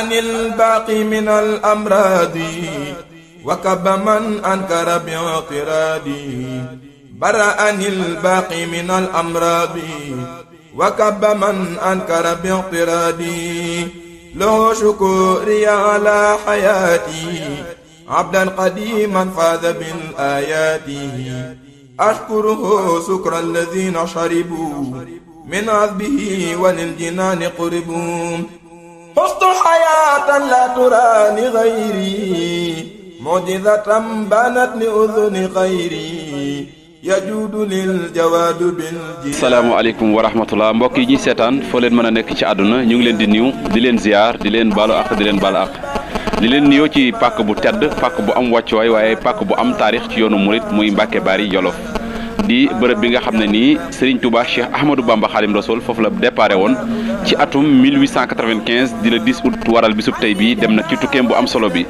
عن الباقي من الأمراض وكب من أنكر باعتراضي برأ عن الباقي من الأمراض وكب من أنكر باعتراضي له شكوري على حياتي عبدا قديما فاز بالآيات أشكره سكر الذين شربوا من عذبه وللجنان قربوا حصت حياة لا تراني غيري معجزة بانت لأذن غيري يجود للجواد بالجي salaamaaleykum wa rahmatullah mbokk yi ñu seetaan foo leen mën a nekk ci àdduna ñu ngi leen di nuyu di leen ziyaar di leen baalu àq di leen baalu ak li leen nuyoo ci pàkk bu tedd pàkk bu am wàccuwaay waaye pàkk bu am taarix ci yoonu murit muy Mbàkke Bari jolo di bërëb bi nga xam ne nii Serigne Touba Cheikh Ahmadou Bamba xaalim Rasoul foofu la déparé woon ci atum 1895 di la 10 août waral bisub tey bii dem nag ci tukkeem bu am solo bi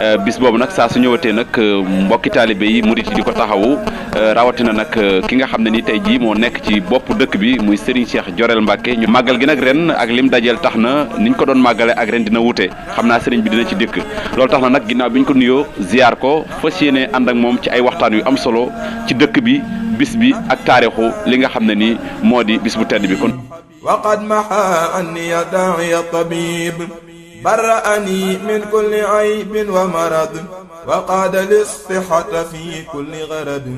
euh, bis boobu nag saa su ñëwatee nag euh, mbokki taalibe yi murit yi di ko taxawu euh, rawatina nag ki nga xam ne nii tey jii moo nekk ci bopp dëkk bi muy Serigne Cheikh Jorel mbakke ñu màggal gi nag ren ak lim dajeel tax na ñu ko doon màggale ak ren dina wute xam naa Serigne bi dina ci dëkk lool tax na nag ginnaaw bi ko nuyoo ziar ko fas yéene ànd ak moom ci ay waxtaan yu am solo ci dëkk bi bis bi ak taarixu li nga xam ne nii moo di bis bu tedd bi kon waqad maha anni ya daa'iya tabib barra'ani min kulli aybin wa marad wa qaada lissihata fi kulli garad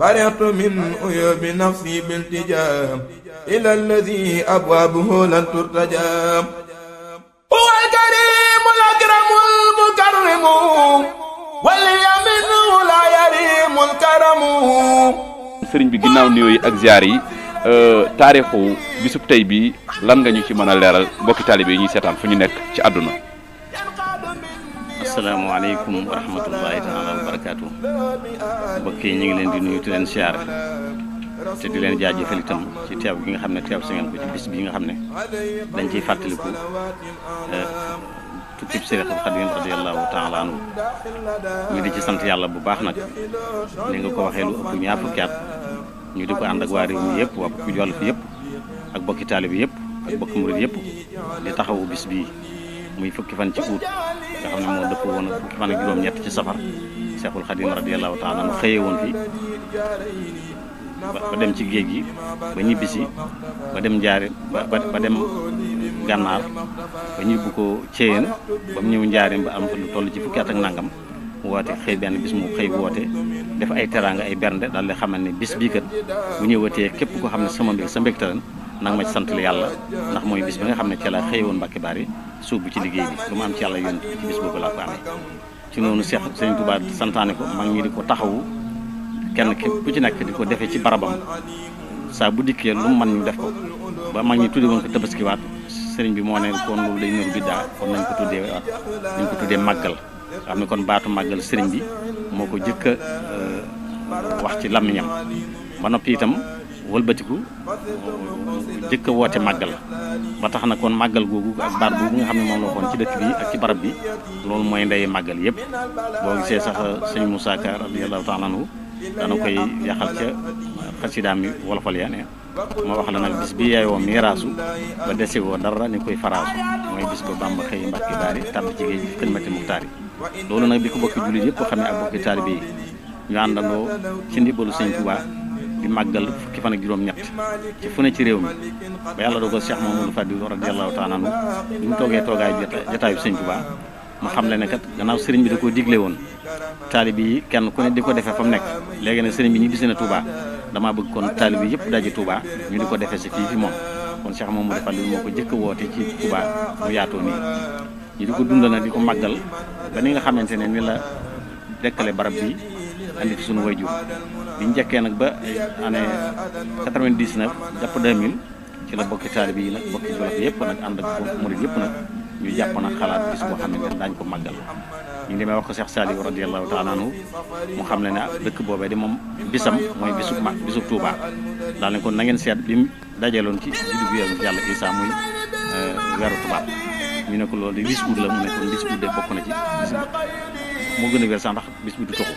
baritu min uyubi nafsi biltijaa ila alladi abwaabuhu lan turtajaa huwa alkarimu alakramu almukarrimu wal yamin la yarimu alkaramu sëriñ bi ginnaaw nuyoo yi ak ziar yi euh, taarixu bisub tey bi lan nga ñu ci mën a leeral mbokki taalibe yi ñuy seetaan fu ñu nekk ci àdduna. asalaamaaleykum wa rahmatullahi taala wa barakaatu mbokk yi ñu ngi leen di nuyu di leen ziar te di leen jaajëfal itam ci teew gi nga xam ne teew si ngeen ko ci bis bi nga xam ne dañ ciy fàttaliku. Euh, cib Seex Xaadim radiyallaahu taala anhu ñu di ci sant yàlla bu baax nag li nga ko waxee lu ëpp ñaar fukki at ñu di ko ànd ak waa réew mi yëpp waa bokki Jolof yëpp ak bokki taalibe yëpp ak bokki murid yëpp di taxawu bis bii muy fukki fan ci août nga xam ne moo dëpp woon fukki fan ak juróom-ñett ci safar Seexul Xaadim radiyallaahu taala anhu xëyee woon fi ba dem ci géej gi ba ñibbisi ba dem njaare ba dem gànnaar ba ñu yóbbu ko Thiéyeen ba mu ñëw njaareem ba am fa lu toll ci fukki at ak nangam woote xëy benn bis mu xëy woote def ay teraanga ay bernde daal di xamal ne bis bii kat bu ñëwatee képp ko xam ne sama mbég sa mbégte lan nanga ma ci yàlla ndax mooy bis bi nga xam ne ca la xëy woon Mbàkke Bari suubu ci liggéey bi lu mu am ci yàlla yónni ci bis boobu laa ko amee ci noonu Seex Sëriñ Tuubaa santaane ko mag ñi di ko taxawu kenn képp ku ci nekk di ko defee ci barabam saa bu dikkee lu mu mën ñu def ko ba mag ñi tuddi sëriñ bi moo ne kon loolu day nuru biddaa kon nañ ko tuddee nañ ko tuddee màggal xam ne kon baatu màggal sëriñ bi moo ko jëkk euh, wax ci làmmiñam ba noppi itam wëlbatiku jëkk a woote màggal ba tax na kon màggal googu ak baat boobu nga xam ne moom la waxoon ci dëkk bi ak ci barab bi loolu mooy ndey màggal yépp boo gisee sax euh, sëñ Moussa Ka radiyallahu taala dana koy yaxal ca xasidaam wolofal yaa ne ma wax la nag bis bi yaay woo miiraasu ba dese woo dara ni koy faraasu mooy bis ba Bàmba xëy mbàkki baari tàbb ci géej gi xidmati muxtaar yi loolu nag bi ko bokki jullit yëpp xamee ak bokki taalibe yi ñu àndandoo ci ndimbalu sëñ Tuubaa di màggal ki fan ak juróom-ñett ci fu ne ci réew mi ba yàlla dogal Cheikh Mamadou Fadil radiyallahu taala anhu bi mu toogee toogaay jataayu sëñ Tuubaa mu xam le ne kat gannaaw sëriñ bi da koo digle woon taalibe yi kenn ku di ko defee fa mu nekk léegi nag sëriñ bi ñu gis na Tuubaa damaa bëgg kon taalibe yëpp daje Touba ñu di ko defee si fii fi moom kon Cheikh Mamadou Fadil moo ko jëkk woote ci Touba mu yaatoo nii ñu di ko dundal nag di ko màggal ba ni nga xamante ne ni la dekkale barab bi andi fi suñu wayjur bi njëkkee nag ba année 99 jàpp 2000 ci la bokki taalibe yi nag bokki jolof yëpp nag ànd ak murid yëpp nag ñu jàpp nag xalaat bis ko xamante ne daañu ko màggal ñu demee wax ko Cheikh Saliou radiyallahu taala anhu mu xam le ne dëkk boobee di moom bisam mooy bisu mag bisu Touba daal ne kon na ngeen seet bi mu dajaloon ci juddu yàlla yàlla Isa muy euh, weeru tubaab ñu ne ko loolu de 10 la mu ne kon 10 de bokk na ci bis moo gën a wér sax ndax bis du toxu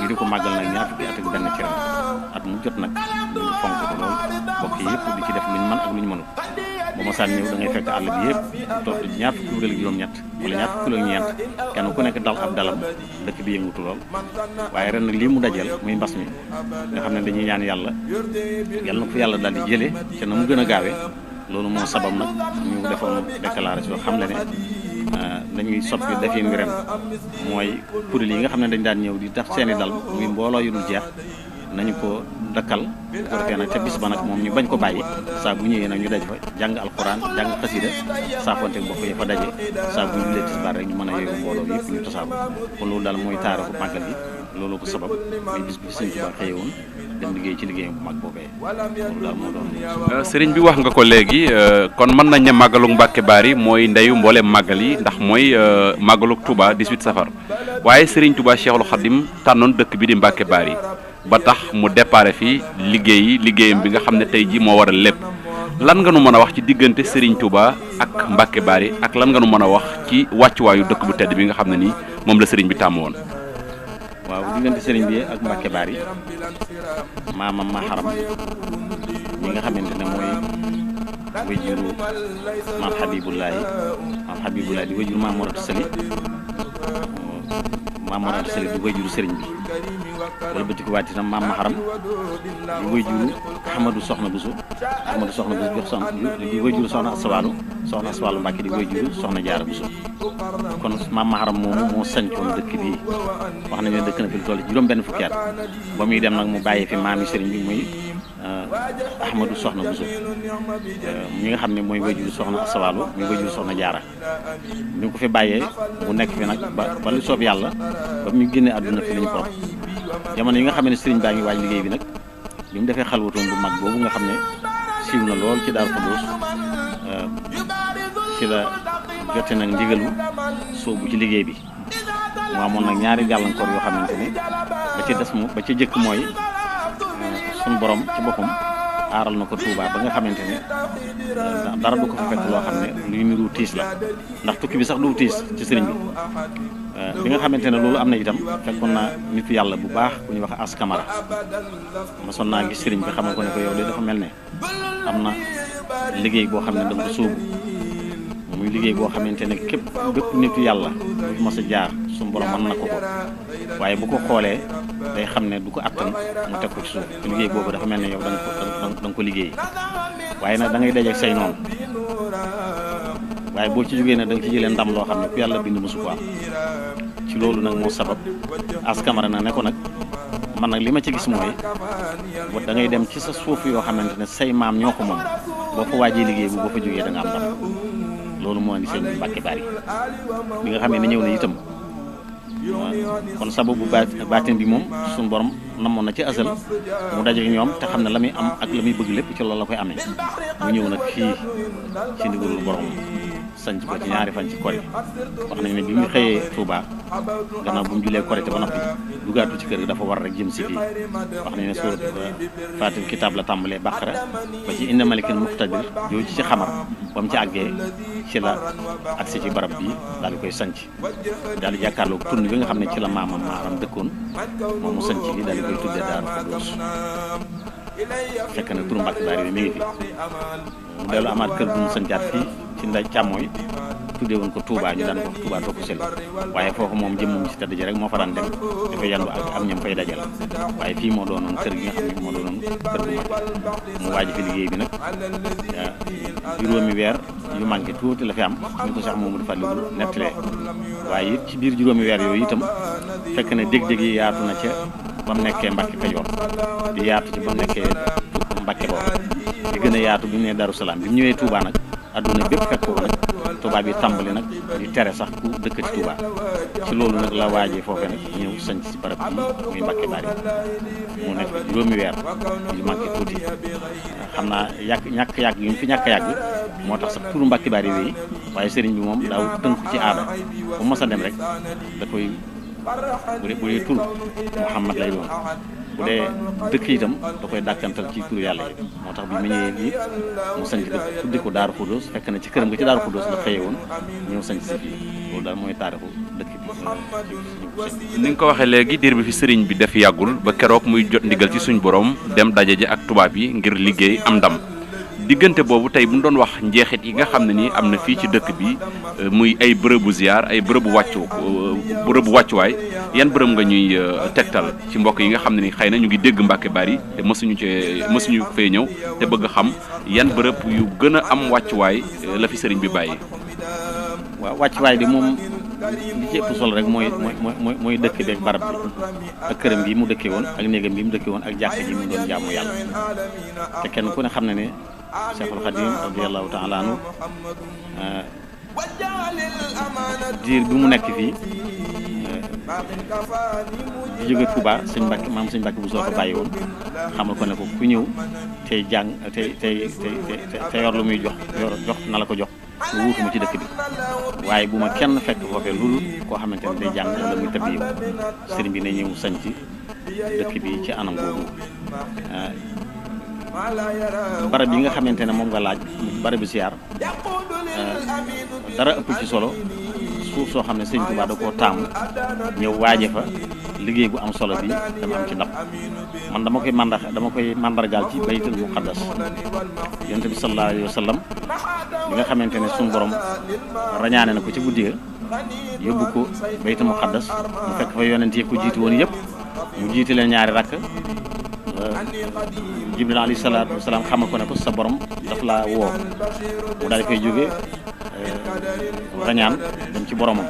ñu di ko màggal nag ñaar fukki at ak benn ci ren at mu jot nag ñu fonk ko lool bokk yëpp di ci def luñ mën ak luñ mënul ba ma saan ñëw da fekk àll bi yëpp toog ñaar fukki kuréel juróom-ñett wala ñaar fukki kuréel ak ñeent kenn ku nekk dal ab dalam dëkk bi yëngutu lool waaye ren nag lii mu dajal muy mbas mi nga xam ne dañuy ñaan yàlla yàlla na ko fi yàlla daal di jëlee te na mu gën a gaawee loolu moo sabab nag ñu defoon déclaration xam Euh, dañuy sot def yi ren mooy kuréel yi nga xam ne dañ daan ñëw di tax seeni dal muy mbooloo yu dul jeex nañu ko dakkal bu ko bis ba nag moom ñu bañ ko bàyyi saa ñëwee nag ñu daj fa jàng alxuraan jàng xasida saafonte bopp ya fa daje saa bu ñu jullee tisbaar rek ñu mën a yeewu mbooloo yëpp ñu tasaaroo kon loolu daal mooy taarixu màggal bi looloo ko sabab muy bis bi Sëñ Tuubaa xëyewoon dem ci liggéey bu mag boobee euh, sëriñ bi wax nga ko léegi euh, kon mën nañ ne màggalu Mbàkke yi mooy ndeyu mbooleem màggal yi ndax mooy euh, màggalu Touba 18 safar waaye sëriñ Touba Cheikhul Khadim tànnoon dëkk bi di Mbàkke Baari ba tax mu déparé fi liggéeyi liggéeyam bi nga xam ne tey ji moo waral lépp lan nga nu mën a wax ci diggante Serigne tubaa ak baar yi ak lan nga nu mën a wax ci wàccuwaayu dëkk bu tedd bi nga xam ne nii moom la Serigne bi tàmm woon. waaw diggante sëriñ bi ak Mbàkke yi maamam ma xaram mi nga xamante ne mooy wajuru maam Xabibulaay maam Xabibulaay di wajuru maam Moor Anta Sali maam Mor Anta Sali di wayjuru sëriñ bi wala bëti ko waat itam maam Maharam di wayjuru Ahmadou Soxna Bousso Ahmadou Soxna Bousso jox soxna di wayjuru soxna Aswalu soxna Aswalu Mbàkke di wayjuru soxna Jaara Bousso kon maam Maharam moomu moo sancoon dëkk bi wax nañu ne dëkk na fi lu toll juróom benn fukki at ba muy dem nag mu bàyyi fi maam yi sëriñ bi muy Euh, Ahmadou Soxna Bousso ñi euh, nga xam ne mooy wajur Soxna Sawaalo muy wajur Soxna Jaara bi ko fi bàyyee bu nekk fi nag ba ba lu soob yàlla ba mu génnee àdduna fi lañu borom jamono yi nga xam ne sëriñ baa ngi waaj liggéey bi nag bi mu defee xalwatoom bu mag boobu nga xam ne siiw na lool ci daal Daaru Xudoos euh, ci la jote nag ndigalu soobu ci liggéey bi mu amoon nag ñaari gàllankoor yoo xamante ne ba ci des mu ba ci jëkk mooy suñu borom ci boppam aaral na ko Touba ba nga xamante ne euh, dara du ko fa fekk loo xam ne luy niru tiis la ndax tukki bi sax du tiis ci sëriñ bi euh, bi nga xamante ne loolu am na itam fekkoon naa nitu yàlla bu baax ku ñuy wax as kamara mosoon naa gis siriñ bi xamal ko ne ko yow dafa mel ne am na liggéey boo xam ne danga ko suubu muy liggéey boo xamante ne képp bépp nitu yàlla bu ma jaar suñu borom mën na ko ko waaye bu ko xoolee day xam ne du ko attan mu teg ko ci suuf te liggéey boobu dafa mel ne yow da nga ko da ko liggéey waaye nag da ngay dajeeg say noonu waaye boo ci jógee ne da nga ci ndam loo xam ne ku yàlla ko ci loolu nag moo sabab as camara na ne nag man nag li ma ci gis mooy da ngay ci sa suuf yoo xamante ne say maam ñoo ko moom boo ko waajee liggéey bu da nga am moo indi seen Mbàkke Bari bi nga xam ne ñëw na itam kon sababu baatin bi moom suñu borom namoon na ci asal mu daje ñoom te xam ne la muy am ak la muy bëgg lépp ci loolu la koy amee mu ñëw nag fii ci ndigalul borom sanc ko ci ñaari fan ci kori wax nañ ne bi mu xëyee Touba gannaaw bu mu julee korite ba noppi dugaatu ci kër gi dafa war rek jëm si fii wax nañ ne surat euh, fatil kitaab la tàmbalee bàqara ba ci inna malikin muqtadir yow ci ci xamar ba mu ci àggee ci la agsi ci barab bi daal di koy sanc daal di jàkkaarloo tund bi nga xam ne ci la maamam maaram dëkkoon moom mu sanc bi daal di koy tuddee Daaru Xudoos fekk na turu Mbàkke Baari bi mi dellu amaat kër gu ñu sancaat fii ci nday càmmooy tuddee woon ko Touba ñu daan ko Touba topp sel waaye foofu moom jëm moom si tëdd ji rek moo fa daan dem dafa yandu ak am ñam fay dajal waaye fii moo doonoon kër gi nga xam ne moo doonoon kër gu mu waaj fi liggéey bi nag juróomi weer yu manqué tuuti la fi am ñu ko sax moomu dafa liggul nettalee waaye ci biir juróomi weer yooyu itam fekk ne dég-dég yi yaatu na ca ba mu nekkee Mbàkke Kajoor di yaatu ci ba mu nekkee Mbàkke di gën yaatu bi mu nee Darou Salaam bi ñëwee Touba nag adduna bépp fekk ko nag tubaab yi tàmbali nag di tere sax ku dëkk ci Touba ci loolu nag la waajee foofee nag ñëw sanc si barab bi muy Mbàkke Bari mu nekk juróomi weer yu manqué tuuti xam naa yàgg ñàkk yàgg yu mu fi ñàkk yàgg moo tax sax turu Mbàkke Bari wéy waaye sëriñ bi moom daaw tënku ci aada bu mos a dem rek da koy bu dee bu dee tur Muhammad lay doon bu dee dëkk itam da koy dàkkantal ci tur yàlla yi moo tax bi mu ñëwee nii mu sanc dëkk tuddi ko Daaru Xuddoos fekk na ci këram nga ci Daaru Xuddoos la xëye woon ñëw sanc si fii loolu daal mooy taarixu dëkk bi ni nga ko waxee léegi diir bi fi sëriñ bi def yàggul ba keroog muy jot ndigal ci suñu borom dem daje ji ak tubaab yi ngir liggéey am ndam diggante boobu tey bu ñu doon wax njeexit yi nga xam ne nii am na fii ci dëkk bi euh, muy ay bërëbu ziar ay bërëbu wàccu euh, bërëbu wàccuwaay yan bërëb nga ñuy euh, tegtal ci mbokk yi nga xam ne ni xëy na ñu ngi dégg Mbàkke Bari te mësuñu cee mësuñu fee ñëw te bëgg xam yan bërëb yu gën a am wàccuwaay la fi sëriñ bi bàyyi. waaw wàccuwaay bi moom li ci rek mooy mooy mooy mooy dëkk bi ak barab bi ak këram bi mu dëkkee woon ak néegam bi mu dëkkee woon ak jàkk ji mu doon jaamu yàlla Cheikhul Khadim radiyallahu taala anhu euh, diir bi mu nekk fii di euh, jóge Touba sëñ Mbàkke maam sëñ Mbàkke bu soo ko bàyyi woon xamal ko ne ko ku ñëw tey jàng tey tey tey te yor lu muy jox yor jox na la ko jox lu ci dëkk bu ma kenn fekk foofee loolu koo xamante ne day jàng la muy tëb sëriñ bi ne ñëw sañc dëkk bi ci anam boobu euh, barab bi nga xamante ne moom nga laaj bu siyaar eh, dara ëpp ci solo suuf soo xam ne sëñ Tuubaa da koo taamu ñëw waaje fa liggéey bu am solo bi dama am ci dama koy manda dama koy mandargaal ci baytul muqaddas yonent bi sallallahu alayhi bi nga xamante ne suñu borom rañaane na ko ci guddi ga yóbbu ko baytul muqaddas mu fekk fa yonent yi jiitu woon yëpp mu jiiti leen ñaari rakk Euh, jibril alayhi salaatu wasalaam xamal ko ne ko sa borom daf laa woo mu daal di fay jóge euh, rañaan dem ci boromam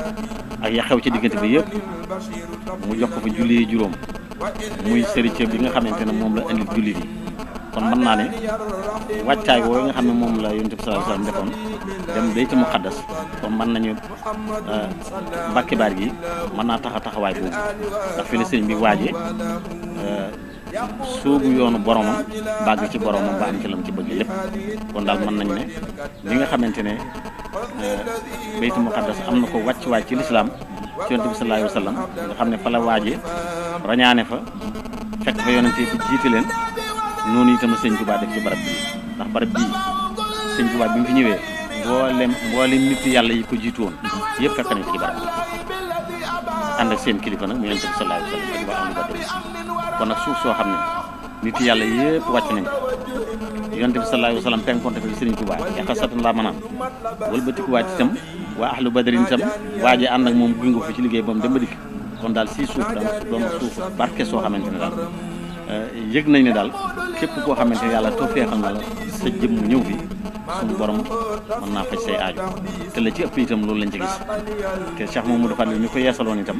ak ya xew ci diggante bi yëpp mu jox ko fa julli juróom muy sëriñ bi nga xamante ne moom la indil julli bi kon mën naa ne wàccaay woowu nga xam ne moom la yonent bi sallallahu alayhi wasallam defoon dem bayti muqaddas kon mën nañu euh, mbàkki baar gi mën naa taxa taxawaay boobu ndax fi la sëriñ bi waaje soobu yoonu boromam bàgg ci boromam ba am ci lam ci bëgg lépp kon daal mën nañ ne li nga xamante ne eh, baytu muqaddas am na ko wàcc wàcc ci lislaam ci yonent bi sallallahu alayhi nga xam ne fa la waaje rañaane fa fekk fa yonent bi jiite leen noonu itam sëñ Tuubaa def ci barab bii ndax barab bii sëñ Tuubaa bi mu fi ñëwee mboolem mboolem nit yàlla yi ko jiitu woon yëpp fekk nañ ànd ak seen kilifa nag mu yonent bi sallallahu alayhi wa sallam ba am ba dem kon nag suuf soo xam ne nit yàlla yëpp wàcc nañ yonent bi sallallahu alayhi wa sallam penkoonte fi sëriñ Tuubaa yaqa satan laa manaam wëlbatiku wàcc itam waa ahlu badrin itam waaje ànd ak moom gunge fi ci liggéey ba mu dem ba dikk kon daal si suuf daal doon suuf barke soo xamante ne daal yëg nañ ne daal képp koo xamante ne yàlla toofeexal na la sa jëmm ñëw fi suñu borom mën naa faj say aajo te la ci ëpp itam loolu lañ ci gis te Cheikh Mamadou Fadel mi ko yeesaloon itam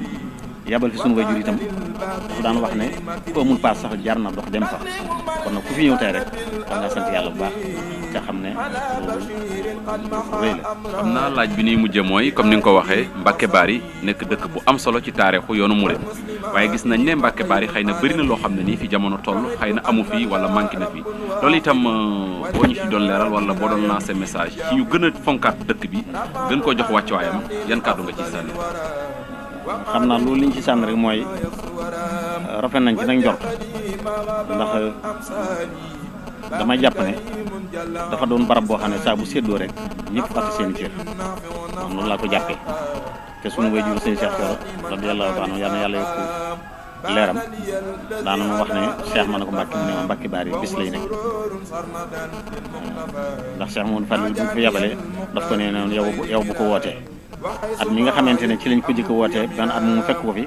yabal fi suñu wayjur itam dafa daan wax ne ku amul paas sax jar na dox dem fa kon nag ku fi ñëw tey rek war ngaa sant yàlla bu baax nga xam ne xam naa laaj bi ni mujjee mooy comme ni nga ko waxee Mbacke Bary nekk dëkk bu am solo ci taarixu yoonu Mouride waaye gis nañ ne Mbacke Bary xëy na bëri na loo xam ne nii fi jamono toll xëy na amu fi wala manqué na fi loolu itam euh, boo ñu fi doon leeral wala boo doon lancé message ci ñu gën a fonkaat dëkk bi gën koo jox wàccuwaayam yan kàddu nga ci sànni. xam naa loolu li ci sànni rek mooy rafet nañ ci nag njort ndax dama jàpp ne. dafa doon barab boo xam ne saa bu séddoo rek ñëpp fàtte seen cër man noonu laa ko jàppee te suñu wayjur sëñ Cheikh Thioro radiyallahu taala yal na yàlla yokku leeram daana mu wax ne Cheikh ma ne ko Mbàkke mu ne ma baar yi bis lay nekk ndax Cheikh moom Fadil bu fi yabalee daf ko ne noonu yow yow bu ko wootee at mi nga xamante ne ci lañ ko jëkk a wootee benn at mu fekk ko fi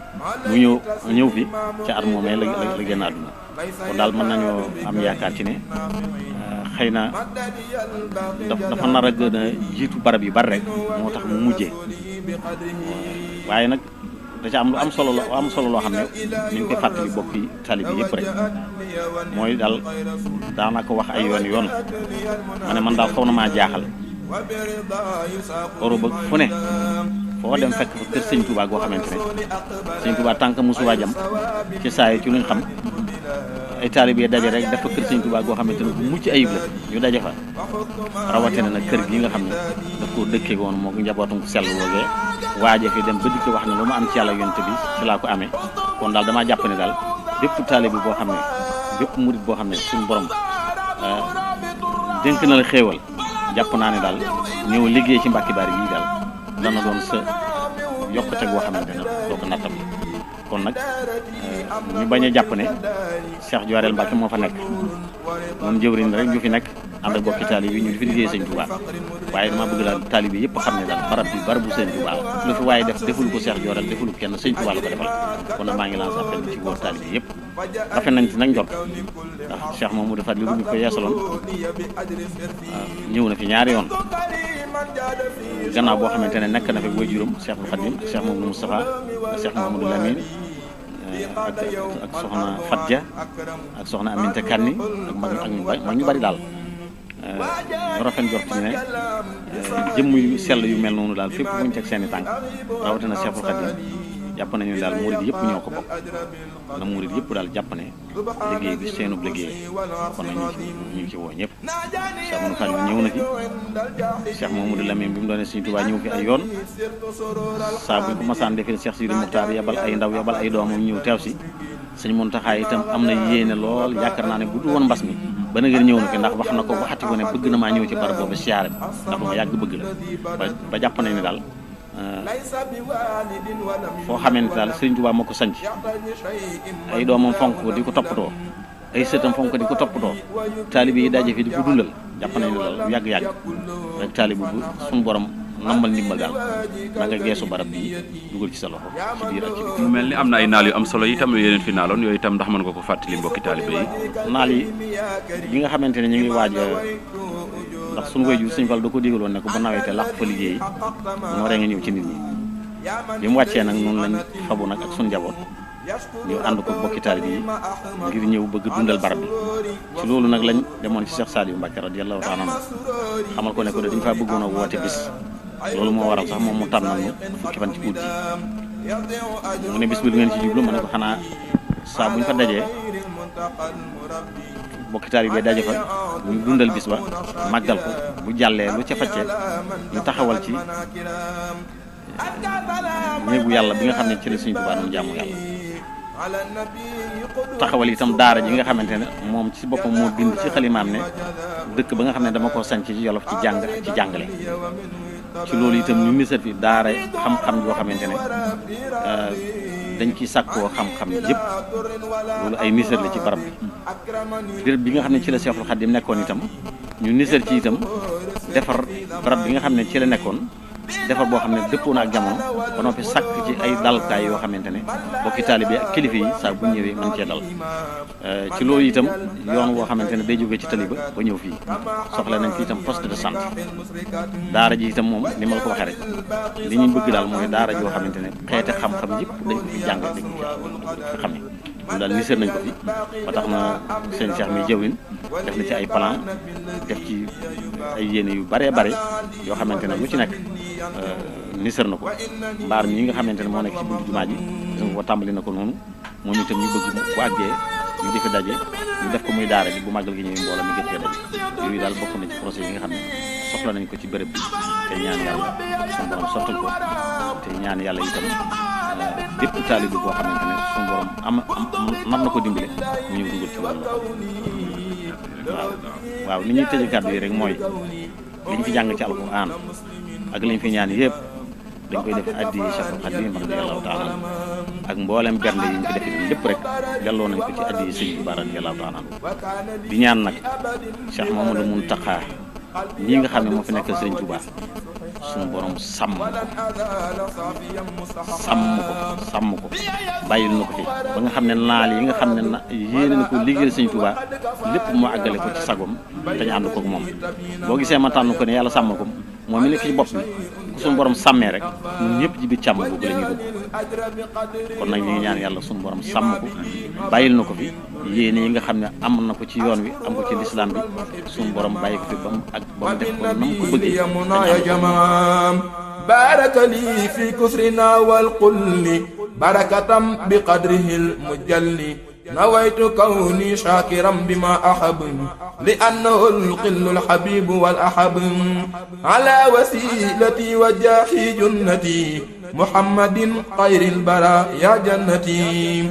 mu ñëw ñëw fi ca at moomee la la la génn àdduna kon daal mën nañoo am yaakaar ci xëy na dafa nar gën a jiitu barab yu bari rek moo tax mu mujjee waaye nag da am lu am solo lu am solo loo xam ne ni ñu koy fàttali bokki taalibe yëpp rek mooy daal daanaka wax ay yoon yoon ma ne man daal xaw na maa jaaxal Europe fu ne foo dem fekk fa kër sëñ Touba goo xamante ne sëñ Touba tànk mosuwaa jam ci saa yi ci luñ xam ay taalibe yi daje rek dafa kër Sëñ Tuubaa goo xamante ne bu mucc ayib la ñu daje fa rawatina nag kër gi nga xam ne daf koo dëkkee woon moo njabootum sell woogee waaje fi dem ba dikk wax ne lu ma am ci yàlla yonte bi ci laa ko amee kon daal damaa jàpp ne daal bépp taalibe boo xam ne bépp murit boo xam ne suñu borom euh, dénk na la xéewal jàpp naa ne daal ñëw liggéey ci mbàkki baar yii daal dana doon sa yokkute boo xamante ne doo ko nattam kon nag euh, ñu bañ jàpp ne Cheikh Jooreel Mbàkke moo fa nekk moom jëwriñ rek ñu fi nekk ànd ak bokki taalib yi ñu di fi liggéey sëñ Tuubaa waaye dama bëgg daal taalib yi yëpp xam ne daal barab bi barabu sëñ Tuubaa la lu waaye def deful ko Cheikh Jooreel deful kenn sëñ Tuubaa la ko defal kon nag maa ngi lancé appel ci góor taalib yi yëpp rafet nañ ci nag njort ndax moom mu defaat li rubi ko yeesaloon ñëw na fi ñaari yoon gannaaw boo xamante ne nekk na fi waajuram Cheikh Khadim Cheikh Mamadou Moustapha Cheikh Mamadou Lamine ak soxna Fadja ak soxna Aminta Kanni ak mag mag ñu bari daal euh, rafet jort ci ne euh, jëmm yu sell yu mel noonu daal fépp buñ teg seen i tànk rawatina Cheikhul Khadim jàpp nañu ne daal murid yëpp ñoo ko bokk na murid yëpp daal jàpp ne liggéey bi seenub liggéey kon nag ñu ngi ci ñu ngi ci woo ñëpp. Cheikh Mouhamadou Fadil ñëw na ci Cheikh Mouhamadou Lamine bi mu doonee Sëriñ Tuubaa ñëw fi ay yoon saa bu ñu ko masaan defee Cheikh Sidi Muxtaar yabal ay ndaw yabal ay doomam ñëw teew si. sëñ Muntaxa itam am na yéene lool yaakaar naa ne bu dul woon mbas mi ba na ñëw na fi ndax wax na ko waxati ko ne bëgg na maa ñëw ci barab boobu siyaare bi ndax lu yàgg bëgg la jàpp nañ ne daal foo xamante ne daal Serigne Touba moo ko sanc ay doomam fonk ko di ko toppatoo ay sëtam fonk di ko toppatoo taalibe yi daje fi di ko dundal jàpp nañu loolu yàgg-yàgg rek taalibe bu suñu borom nambal ndimbal daal na nga geesu barab bi dugal ci sa loxo ci biir ak ci biir. mel ni am na ay naal yu am solo itam yeneen fi naaloon yooyu tam ndax mën ko ko fàttali mbokki taalibe yi. naal yi bi nga xamante ne ñu ngi waaj ndax suñu wayjur suñu fal da ko digaloon ne ko bu nawetee làq fa liggéey noo ree nga ñëw ci nit ñi bi mu wàccee nag noonu lañ fabu nag ak suñu njaboot ñu ànd ko bokki taalib yi ngir ñëw bëgg dundal barab bi ci loolu nag lañ demoon ci Cheikh Saliou Mbacke radiyallahu taala anhu xamal ko ne ko de dañu faa bëggoon a woote bis loolu moo waral sax moom mu tànnal ñu fukki fan ci ut ji mu ne bis bi lu ngeen ci jublu ma ne ko xanaa saa bu ñu ko dajee mbokki taalibe daje fa ñu dundal bis ba màggal ko bu jàllee lu ca faccee ñu taxawal ci néegu yàlla bi nga xam ne ci la suñu Tuubaa doon yàlla taxawal itam daara ji nga xamante ne moom ci boppam moo bind ci xalimaam ne dëkk ba nga xam ne dama ko sanc ci Jolof ci jàng ci jàngale ci loolu itam ñu misal fi daara xam-xam yoo xamante ne euh, dañ ciy sàkkoo xam-xam yëpp loolu ay misal la ci barab bi béréb bi nga xam ne ci la Seexul Xaadim nekkoon itam ñu nisal ci itam defar barab bi nga xam ne ci la nekkoon defar boo xam ne dëppoo na ak jamono ba noppi sàkk ci ay dalkaay yoo xamante ne bokki taalibe ak kilifa yi saa bu ñëwee mën cee dal euh, ci loolu itam yoon woo xamante ne day jógee ci tali ba ba ñëw fii soxla nañ fi itam poste de santé daara ji itam moom li ma ko waxee rek li ñu bëgg daal mooy daara joo xamante ne xeete xam-xam yëpp dañ ko fi jàngal dañ fi xam ne daal nisër nañ ko fi ba tax na seen Cheikh mi jëwin def na ci ay plan def ci ay yéene yu baree bare yoo xamante ne lu ci nekk euh, nisar na ko mbaar ñi nga xamante ne moo nekk ci buntu jumaa ji nga ko tàmbali na ko noonu moom itam ñu bëgg bu àggee ñu di daje ñu def ko muy daara bi bu màggal gi ñëwee mbooloo mi gën daje daal bokk na ci yi nga xam ne soxla nañ ko ci bërëb bi te ñaan yàlla suñu borom ko te ñaan yàlla itam euh, bépp taalibe boo xamante ne suñu borom am am mën na ko dimbale mu ñëw dugal ci wàllu waaw waaw li ñuy tëj kàddu yi rek mooy liñ fi jàng ci alquran ak liñ fi ñaan yëpp dañ koy def addi Cheikhul Khadim radiyallahu taala ak mboolem bernde yi ñu fi def lépp rek delloo nañ ko ci addi sëñ bi radiyallahu taala di ñaan nag Cheikh Mamadou taqaar ñii nga xam ne moo fi nekk Sëriñ Touba suñu borom sàmm ko sàmm ko sàmm ko bàyyil na ko fi ba nga xam ne naal yi nga xam ne na yéene na ko liggéeyal Sëñ Tuubaa lépp moo àggale ko ci sagom te ñu ànd kook moom boo gisee ma tànn ko ne yàlla sàmm ko moom mi nekk ci bopp bi ku borom sàmmee rek ñun ñëpp ci biir càmm googu la ñuy kon nag ñu ngi ñaan yàlla suñu borom sàmm ko bàyyil na ko bi yéene yi nga xam ne am na ko ci yoon wi am ko ci lislaam bi suñu borom bàyyi ko fi ba mu ak ba mu def ko nam ko bëggee baraka lii fi kusrina wal kulli barakatan bi qadrihi al mujalli نويت كوني شاكرا بما أحب لأنه القل الحبيب والأحب على وسيلتي وجاحي جنتي محمد خير البراء يا جنتي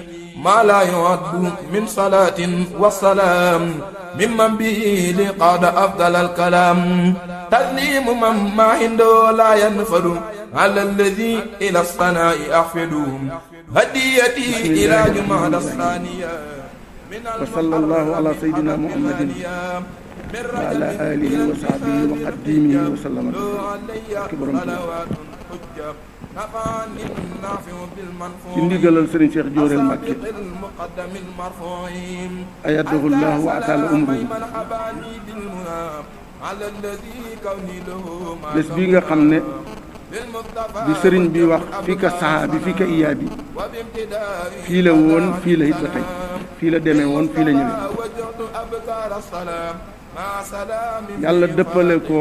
ما لا يعد من صلاة والسلام ممن به لقد أفضل الكلام تسليم من ما عنده لا ينفد على الذي إلى الصناء أحفد hadiyati ila jumada thaniya wa sallallahu ala sayyidina muhammadin wa ala alihi wa sahbihi wa qadimihi wa sallama ak borom ci ndigalal sëriñ Cheikh Diorel Mbacké ayadahu llah wa atala umruhu bés bii nga xam ne bi sëriñ bi wax fii ka saha bi fii ka iyaa la woon fii la it tey fii la demee woon fii la ñëwee yàlla dëppale ko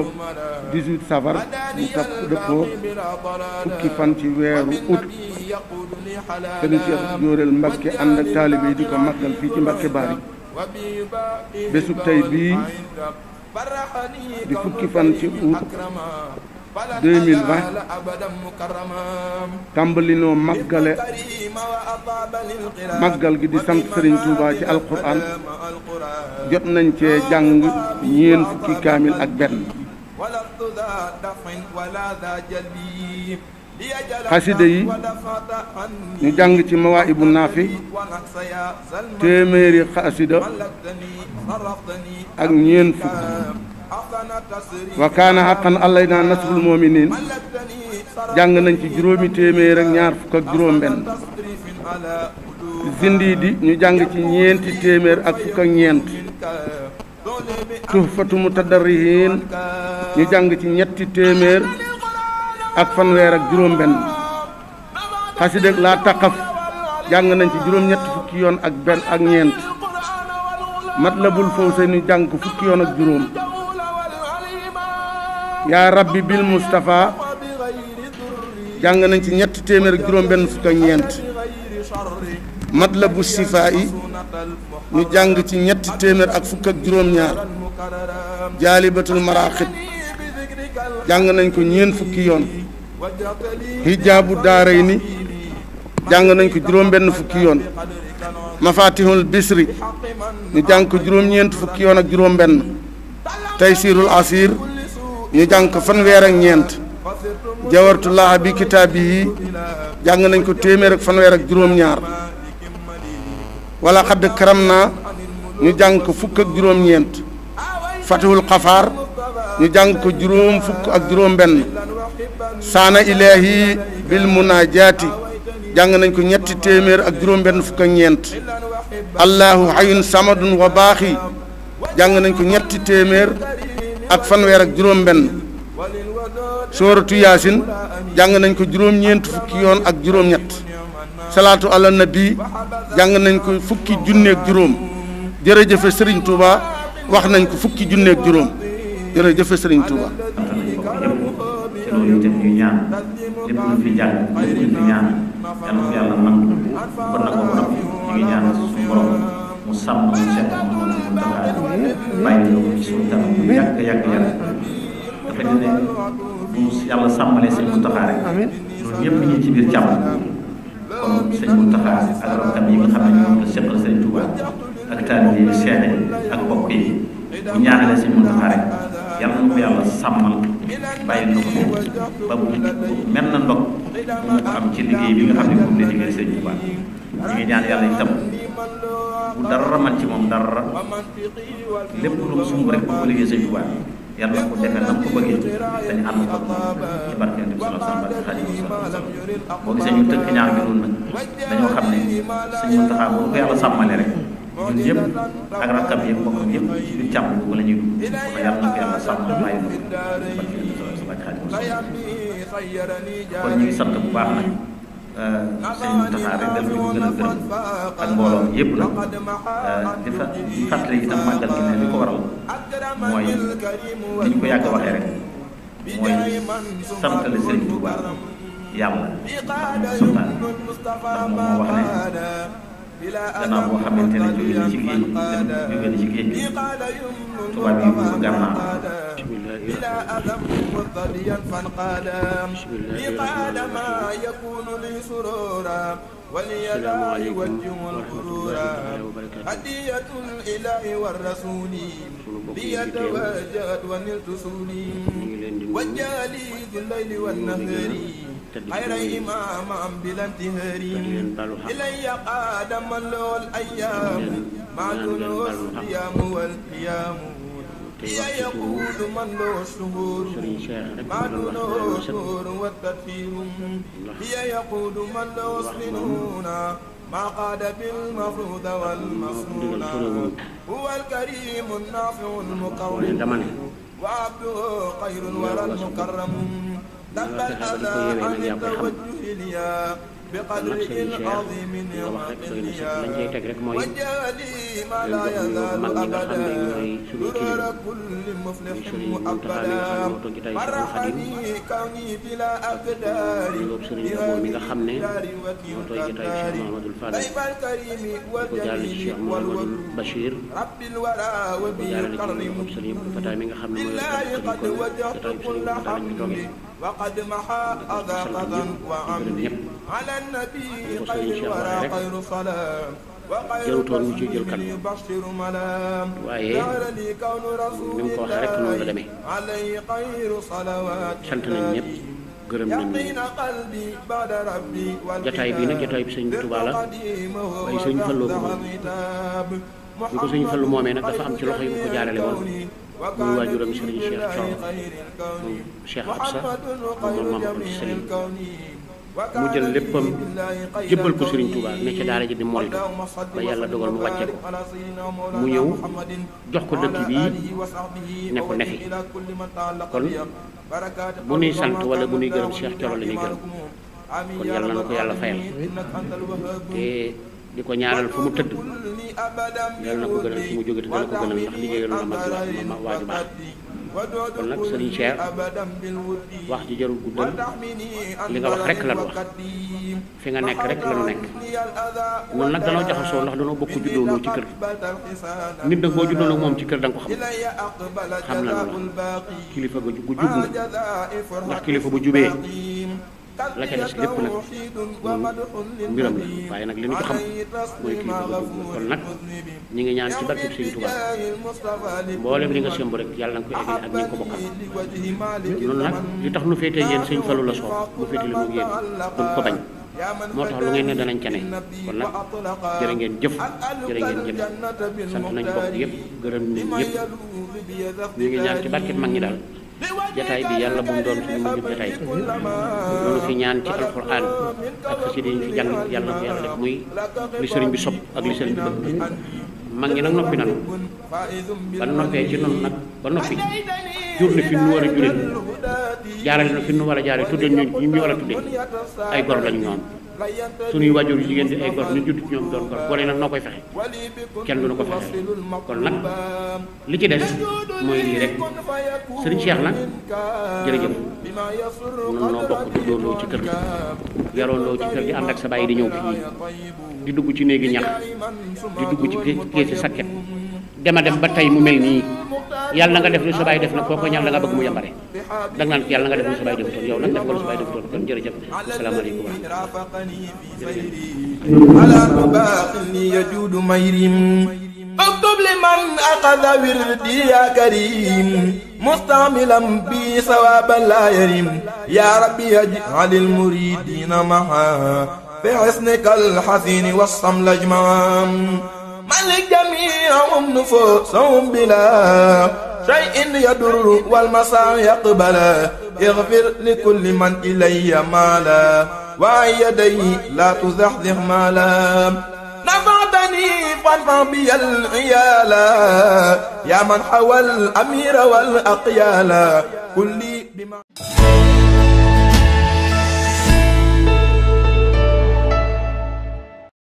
18 safar mu tapp dëppoo fukki fan ci weeru août sëriñ Cheikh Jóoreel Mbàkke ànd ak taalibe di ko màggal fii ci Mbàkke Baari bésub tey bii di fukki fan ci août 2020 tàmbali noo màggale màggal gi di sant Serigne ci alquran jot nañ cee jàng ñeen fukki kaamil ak benn xasida yi ñu jàng ci mawaahibu naafi téeméeri xasida ak ñeen fukk wa kaana xaqan alaynaa nasrul mu'miniin jàng nañ ci juróomi téeméer ak ñaar fukk ak juróom benn zindi ñu jàng ci ñeenti téeméer ak fukk ak ñeent tuhfatu mutadarrihin ñu jàng ci ñetti téeméer ak fanweer ak juróom benn xasida laa taqaf jàng nañ ci juróom ñetti fukki yoon ak benn ak ñeent matlabul fawsayni jàng ko fukki yoon ak juróom yaa rabbi bil Moustapha jàng nañ ci ñett téeméer ak juróom-benn fukk ak ñeent matlabu sifaa yi jàng ci ñetti téeméer ak fukk ak juróom-ñaar jaalibatul maraaxib jàng nañ ko ñeen fukki yoon hijaabu daaray jàng nañ ko juróom-benn fukki yoon mafatihul bisri ñu jàng ko juróom-ñeent fukki yoon ak juróom-benn taysirul asir ñu jàng ko fanweer ñeent jawartu laaxa bi jàng nañ ko téeméer ak fanweer ak juróom-ñaar wala xadd karam naa ñu jàng ko fukk ak juróom-ñeent fatihul xafaar ñu jàng ko juróom fukk ak juróom-benn saana ilaahi bil munaajaati jàng nañ ko ñetti téeméer ak juróom-benn fukk ak ñeent allahu hayun samadun wa baaxi jàng nañ ko ñetti téeméer ak fanweer ak juróom-benn sóoratu yaasin jàng nañ ko juróom-ñeent fukki yoon ak juróom-ñett salaatu ala jàng nañ ko fukki junneeg juróom jërëjëfe sëriñ Touba wax nañ ko fukki junneeg juróom jërëjëfe sëriñ Touba. loolu mu sàmm mu seet mu bàyyi ko ci ne ne bu yàlla sàmmalee sëñ Muntaxa rek ñun ñëpp biir càmm kon sëñ Muntaxa ak rakkam yi nga xam ne ñoom la seqal sëñ Tuuba ak taalibe yi seede ak bokk yi bu ñaanalee sëñ Muntaxa rek yàlla na ko yàlla sàmmal bàyyi na ko ba bu mel na ndog mu am ci liggéey bi nga xam ne moom la liggéey sëñ Tuuba ñu ngi ñaan yàlla itam bu dara man ci moom dara lépp lu mu sumb rek bu ko liggéey Sëñ Tuubaa yàlla ko defee na mu ko bëggee te ñu ànd ko moom ci barke Yonent bi sallallahu alayhi wa sallam boo gisee ñu tënk ñaar bi noonu nag dañoo xam ne Sëñ Muntaxa bu ko yàlla sàmmale rek ñun yëpp ak rakkam yëpp mbokk yëpp ñu càmm boobu ñu ngi sant bu baax nag Euh, sëñ Mountakha rek dal di ko gën a gërëm ak mbooloo mi yëpp nag euh, di fa di fàttali itam màggal gi ne li ko waral mooy li ñu ko yàgg waxee rek mooy santale sëriñ Tuubaa yàlla subhaanahu ndax moom moo wax ne gannaaw boo xamante ne jóge na ci géej jóge na ci géej bi tubaab yi bu gànnaaw asalaamaaleykum wa rahmatullaahi wa barakaatuh ليتواجد ونلت سوني وجالي في الليل والنهار tëdd bi leen balu xaq leen balu xaq leen bal ana an tawajjuh kon nag sëriñ Cheikh nga wax rek doy na sax lañ cay teg rek mooy leen jox nuyoo bu mag ñi nga xam ne ñooy suñu kilifa muy sëriñ Mountakha mi nga xam ne moo toog jotaay Cheikhul Khadim ak nuyoo sëriñ Abo mi nga xam ne moo toog jotaay Cheikh Mouhamadul Fadal di ko jaarale ci Cheikh Mouhamadul Bachir di ko jaarale ci mbokk sëriñ Abdou Fatah mi nga xam ne mooy jotaay sëriñ Fatah lañ fi toogee di ko gërëm ñëpp moo tax ñun Cheikh Bara rek jarutoon mu ci jël kanam waaye ni mu ko waxee rek noonu la demee sant nañ ñëpp gërëm nañ ñëpp jataay bii nag jataay bi sëñ Tuubaa la waaye sëñ Fallu ko moom bu ko sëñ Fallu moomee nag dafa am ci loxo yi mu ko jaarale woon muy waajuram sëriñ Cheikh Thioro mu jël léppam jébbal ko Serigne Touba ne ci daara ji di moytu ba yàlla dogal mu wàcce ko mu ñëw jox ko dëkk bii ne ko nefi kon bu nuy sant wala bu nuy gërëm Cheikh Thioro la ñuy gërëm kon yàlla na ko yàlla fayal te di ko ñaaral fu mu tëdd yàlla na ko gënal fu mu jóge te dana ko gënal ndax liggéeyal ma waaju baax kon nag sëriñ Cheikh wax ji jarul guddal li nga wax rek lan wax fi nga nekk rek lan nekk noonu nag danoo jaxasoo ndax danoo bokk juddoonoo ci kër nit nag boo juddoonoo moom ci kër da ko xam xam lan la kilifa bu jub nga ndax kilifa bu jubee la ca des lépp nag moom mbiram la waaye nag li ñu ko xam mooy kii bi kon nag ñu ngi ñaan ci barkeb Sëriñ Tuubaa mboolem li nga sëmb rek yàlla na ko eggee ak ñi ko bokkal noonu nag li tax nu la soob mu féetee lu mu yéen duñ ko bañ moo tax lu ngeen ne danañ ca ne kon nag jërë ngeen jëf jërë ngeen jëf sant nañ bokk yëpp gërëm nañ yëpp ñu ngi ñaan ci barkeb mag ñi daal jataay bi yàlla bu mu doon suñu mujjub jataay loolu fi ñaan ci alxuraan ak xasida yi ñu fi jàng yàlla ko yàlla def muy li bi sob ak li bi mag ñi nag noppi nanu ba noppee ci noonu nag ba noppi jur na fi nu war a jure jaarale na fi nu war a jaarale tudde ñu ñu war a tudde ay gor lañu ñoom suñuy wajur yu jigéen di ay gor ñu judd ci ñoom doon gor gor yi nag noo koy fexe kenn du na ko fexe kon nag li ci des mooy lii rek sëriñ Cheikh nag na noonu noo bokk loo ci kër yaroondoo ci kër di ànd ak sa bàyyi di ñëw fii di dugg ci néegi ñax di dugg ci keesi sakket dema dem ba tey mu mel nii yàlla na nga def lu sa baay def nag kooko ñaan la nga bëgg mu yambare da nga naan yàlla na nga def lu sa baay defutoon yow nag def nga lu sa baay defutoon kon jërëjëf asalaamaaleykum ala tubaqi yajudu mayrim اكتب لمن أخذ وردي يا كريم مستعملا بي ثوابا لا يرم يا ربي اجعل المريدين معا في حسنك الحسين والصمل اجمعا ملك جميعهم نفوسهم بلا شيء يضر والمساء يقبلا اغفر لكل من إلي مالا وعن يدي لا تزحزح مالا نفعتني فارفع بي العيالا يا من حوى الأمير والأقيالا كلي بما